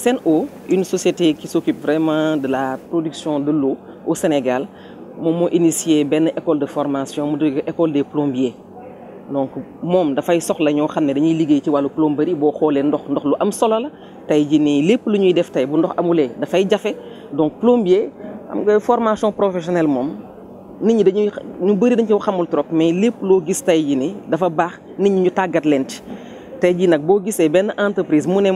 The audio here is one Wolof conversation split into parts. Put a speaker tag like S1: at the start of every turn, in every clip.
S1: Sen'Eau une société qui s'occupe vraiment de la production de l'eau au Sénégal m'a initié une école de formation mu école des plombiers donc da fay soxla ñoo xamné dañuy liggéey ci walu plomberie bo xolé ndox ndox lu am solo la tey jii nii lu ñuy def tay bu ndox da fay jafe donc plombier am nga formation professionnelle mom nit ñi dañuy ñu bari dañ ko xamul trop mais lepp lo gis tey jii nii dafa bax nit ñi ñu tagat leen ci tey jii nag boo entreprise mu ne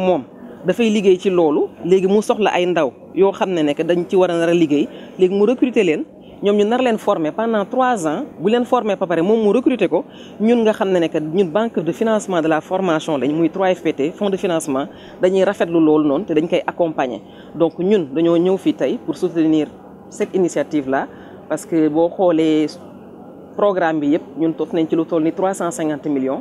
S1: dafay liggéey ci loolu léegi mu soxla ay ndaw yoo xam ne nekk dañ ci war a nar a liggéey léegi mu recruter leen ñoom ñu nar leen former pendant 3 ans bu leen former ba pare moom mu recruter ko ñun nga xam ne nekk ñun banque de financement de la formation lañ muy 3FPT fonds de financement dañuy rafetlu loolu noonu te dañ koy accompagner donc ñun dañoo ñëw fii tey pour soutenir cette initiative là parce que boo xoolee programme bi yëpp ñun toog nañ ci lu toll ni 350 millions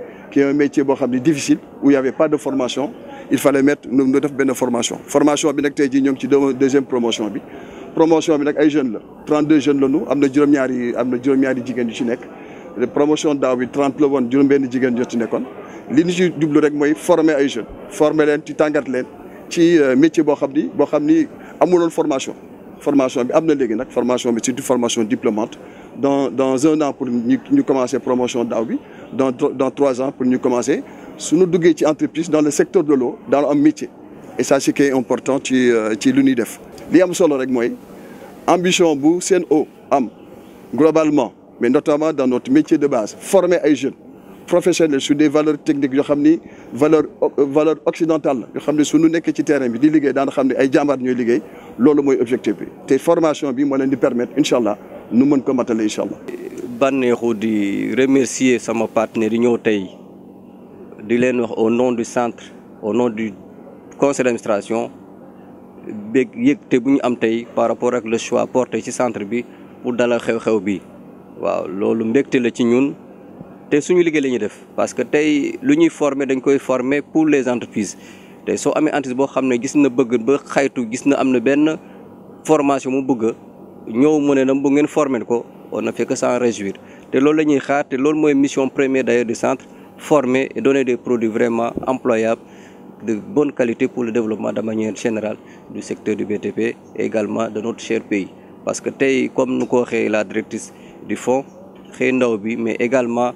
S2: qui est un métier difficile, où il n'y avait pas de formation. Il fallait mettre nous, formation. une formation. Formation, c'est une deuxième promotion. La Promotion, est les jeunes, 32 jeunes, nous avons des jeunes qui sont la promotion daaw bi trente des jeunes li ci rek former les jeunes former les tu tàngat leen euh, métier de formation formation bi amna formation bi formation diplômante dans dans un an pour ñu commencer promotion daw dans dans trois ans pour ñu commencer suñu duggé ci entreprise dans le secteur de l'eau dans un métier et ça c'est qui est important ci euh, ci lu def li am solo rek moy ambition bu am globalement mais notamment dans notre métier de base former les jeunes professionnel sur des valeurs techniques yoo xam valeurs valeur valeur occidentale la sur xam ne su ñu nekkee ci terrain bi di liggéey daan xam ne ay objectif bi te formation bi moo leen di permettre incha allah nu mën ko matale incha allah. bànneexu
S3: di remercier sama partenaire yi ñëw di leen wax au nom du centre au nom du conseil d'administration beeg yëgte bu am par rapport ak le choix porté ci centre bi pour dans xew-xew bi waaw loolu mbégte la ci ñun te suñu liggéey la ñuy def parce que tey lu ñuy former dañ koy former pour les entreprises tey soo amee entreprise boo xam ne gis na bëgg ba xaytu gis na am na benn formation mu bëgg ñëw mu ne na bu ngeen former ko on a fait que ça réjouir te loolu la ñuy xaar te loolu mooy mission première d'ailleurs du centre former et donner des produits vraiment employables de bonne qualité pour le développement de manière générale du secteur du BTP également de notre cher pays parce que tey comme nu ko waxee la directrice du fonds xëy ndaw bi mais également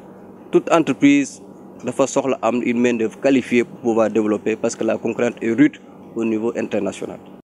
S3: toute entreprise de façon une main d'œuvre qualifiée pour pouvoir développer parce que la concurrence est rude au niveau international